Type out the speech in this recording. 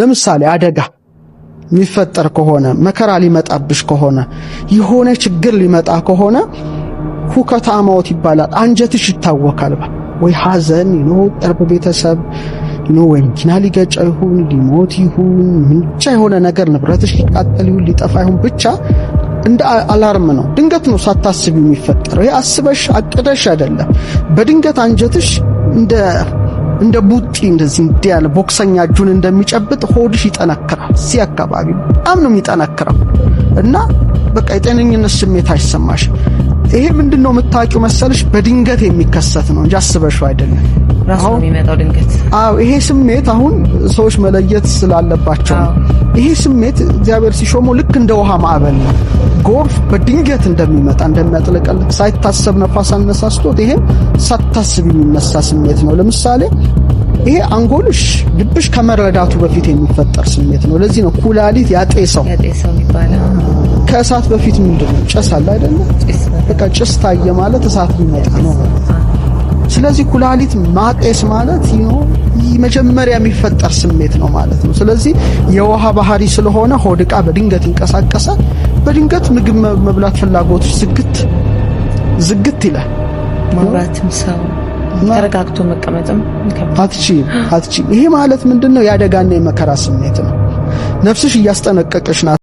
ለምሳሌ አደጋ የሚፈጠር ከሆነ መከራ ሊመጣብሽ ከሆነ የሆነ ችግር ሊመጣ ከሆነ ሁከታ አማዎት ይባላል። አንጀትሽ ይታወካል። ወይ ሐዘን ኖ ቅርብ ቤተሰብ ኖ ወይ መኪና ሊገጫ ይሁን ሊሞት ይሁን ምንጫ የሆነ ነገር ንብረትሽ ሊቃጠል ይሁን ሊጠፋ ይሁን ብቻ እንደ አላርም ነው። ድንገት ነው ሳታስብ የሚፈጠረው። ይህ አስበሽ አቅደሽ አይደለም። በድንገት አንጀትሽ እንደ እንደ ቡጢ እንደዚህ እንዲህ ያለ ቦክሰኛ እጁን እንደሚጨብጥ ሆድሽ ይጠነክራል። እዚህ አካባቢ በጣም ነው የሚጠነክረው እና በቃ የጤነኝነት ስሜት አይሰማሽ። ይሄ ምንድን ነው የምታውቂው መሰልሽ በድንገት የሚከሰት ነው እንጂ አስበሽው አይደለም። ራሱ የሚመጣው ድንገት። አዎ ይሄ ስሜት አሁን ሰዎች መለየት ስላለባቸው ነው። ይሄ ስሜት እግዚአብሔር ሲሾመው ልክ እንደ ውሃ ማዕበል ነው። ጎርፍ በድንገት እንደሚመጣ እንደሚያጥለቀል ሳይታሰብ ነፋስ አነሳስቶት ይሄ ሳታስብ የሚነሳ ስሜት ነው። ለምሳሌ ይሄ አንጎልሽ ልብሽ ከመረዳቱ በፊት የሚፈጠር ስሜት ነው። ለዚህ ነው ኩላሊት ያጤሰው ከእሳት በፊት ምንድን ነው አለ አይደለ? በቃ ጭስ ታየ ማለት እሳት ሊመጣ ነው። ስለዚህ ኩላሊት ማጤስ ማለት መጀመሪያ የሚፈጠር ስሜት ነው ማለት ነው። ስለዚህ የውሃ ባህሪ ስለሆነ ሆድ ዕቃ በድንገት ይንቀሳቀሳል። በድንገት ምግብ መብላት ፍላጎቶች ዝግት ዝግት ይላል። ማውራትም ሰው ተረጋግቶ መቀመጥም አትችይም አትችይም። ይሄ ማለት ምንድን ነው? የአደጋና የመከራ ስሜት ነው። ነፍስሽ እያስጠነቀቀሽ ናት።